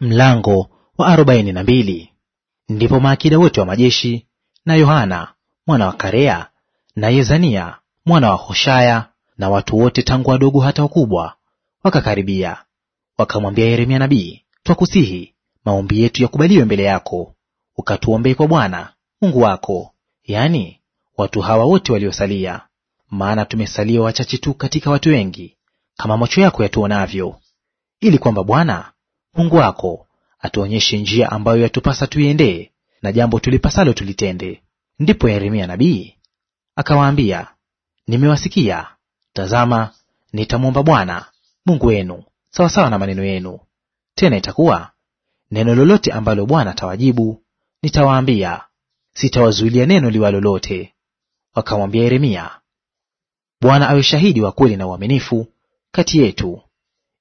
Mlango wa arobaini na mbili. Ndipo maakida wote wa majeshi na Yohana mwana wa Karea na Yezania mwana wa Hoshaya na watu wote tangu wadogo hata wakubwa wakakaribia, wakamwambia Yeremia nabii, Twakusihi maombi yetu yakubaliwe mbele yako, ukatuombee kwa Bwana Mungu wako, yaani watu hawa wote waliosalia, maana tumesalia wachache tu katika watu wengi, kama macho yako yatuonavyo, ili kwamba Bwana Mungu wako atuonyeshe njia ambayo yatupasa tuiendee, na jambo tulipasalo tulitende. Ndipo Yeremia nabii akawaambia, nimewasikia; tazama, nitamwomba Bwana Mungu wenu sawasawa na maneno yenu. Tena itakuwa neno lolote ambalo Bwana atawajibu, nitawaambia; sitawazuilia neno liwa lolote. Wakamwambia Yeremia, Bwana awe shahidi wa kweli na uaminifu kati yetu,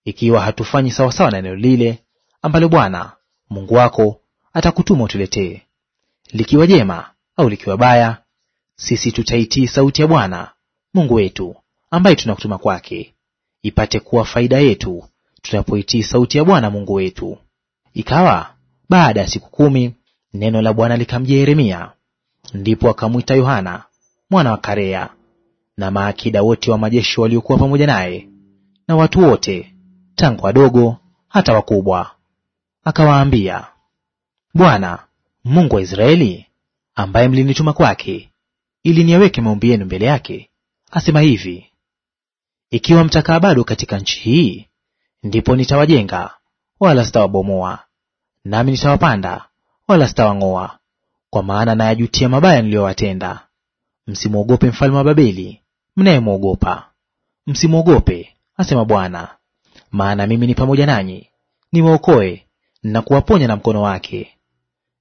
ikiwa hatufanyi sawasawa na neno lile ambalo Bwana Mungu wako atakutuma utuletee, likiwa jema au likiwa baya, sisi tutaitii sauti ya Bwana Mungu wetu ambaye tunakutuma kwake, ipate kuwa faida yetu tunapoitii sauti ya Bwana Mungu wetu. Ikawa baada ya siku kumi neno la Bwana likamjia Yeremia. Ndipo akamwita Yohana mwana wa Karea na maakida wote wa majeshi waliokuwa pamoja naye na watu wote tangu wadogo hata wakubwa, akawaambia, Bwana Mungu wa Israeli, ambaye mlinituma kwake ili niyaweke maombi yenu mbele yake, asema hivi: ikiwa mtakaa bado katika nchi hii, ndipo nitawajenga wala sitawabomoa, nami nitawapanda wala sitawang'oa, kwa maana nayajutia mabaya niliyowatenda. Msimwogope mfalme wa Babeli mnayemwogopa, msimwogope, asema Bwana, maana mimi ni pamoja nanyi, niwaokoe na kuwaponya na mkono wake.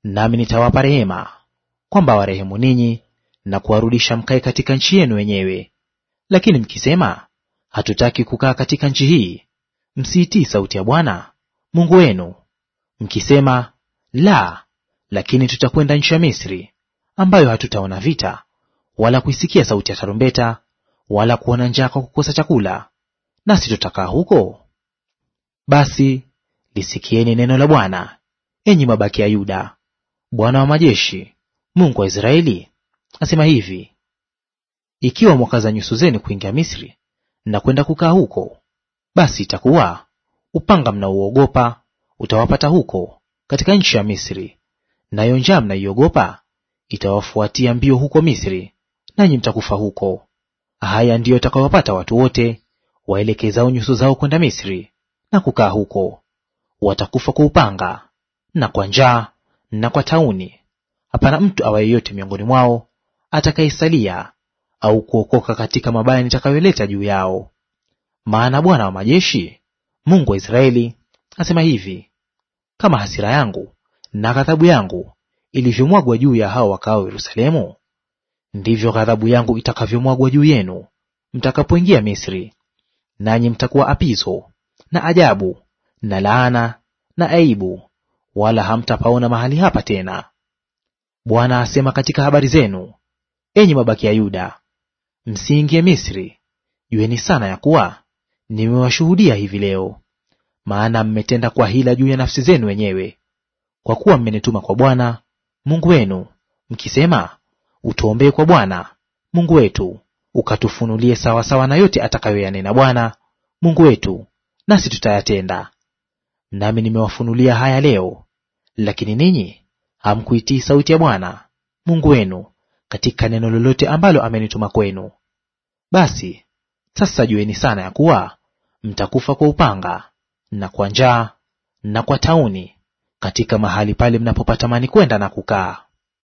Nami nitawapa rehema, kwamba warehemu ninyi na kuwarudisha mkae katika nchi yenu wenyewe. Lakini mkisema, hatutaki kukaa katika nchi hii, msiitii sauti ya Bwana Mungu wenu, mkisema, la, lakini tutakwenda nchi ya Misri, ambayo hatutaona vita wala kuisikia sauti ya tarumbeta wala kuona njaa kwa kukosa chakula, nasi tutakaa huko. Basi lisikieni neno la Bwana, enyi mabaki ya Yuda. Bwana wa majeshi, Mungu wa Israeli, asema hivi: ikiwa mwakaza nyuso zenu kuingia Misri na kwenda kukaa huko, basi itakuwa upanga mnauogopa utawapata huko katika nchi ya Misri, nayo njaa mnaiogopa itawafuatia mbio huko Misri, nanyi mtakufa huko. Haya ndiyo atakayowapata watu wote waelekezao nyuso zao kwenda Misri na kukaa huko watakufa kwa upanga na kwa njaa na kwa tauni; hapana mtu awaye yote miongoni mwao atakayesalia au kuokoka katika mabaya nitakayoleta juu yao. Maana Bwana wa majeshi, Mungu wa Israeli, asema hivi: kama hasira yangu na ghadhabu yangu ilivyomwagwa juu ya hao wakaao Yerusalemu, ndivyo ghadhabu yangu itakavyomwagwa juu yenu mtakapoingia Misri, nanyi mtakuwa apizo na ajabu na laana na aibu, wala hamtapaona mahali hapa tena. Bwana asema katika habari zenu, enyi mabaki ya Yuda, msiingie Misri. Jueni sana ya kuwa nimewashuhudia hivi leo, maana mmetenda kwa hila juu ya nafsi zenu wenyewe, kwa kuwa mmenituma kwa Bwana Mungu wenu mkisema, utuombee kwa Bwana Mungu wetu, ukatufunulie sawasawa na yote atakayoyanena Bwana Mungu wetu, nasi tutayatenda nami nimewafunulia haya leo. Lakini ninyi hamkuitii sauti ya Bwana Mungu wenu katika neno lolote ambalo amenituma kwenu. Basi sasa jueni sana ya kuwa mtakufa kwa upanga na kwa njaa na kwa tauni katika mahali pale mnapopatamani kwenda na kukaa.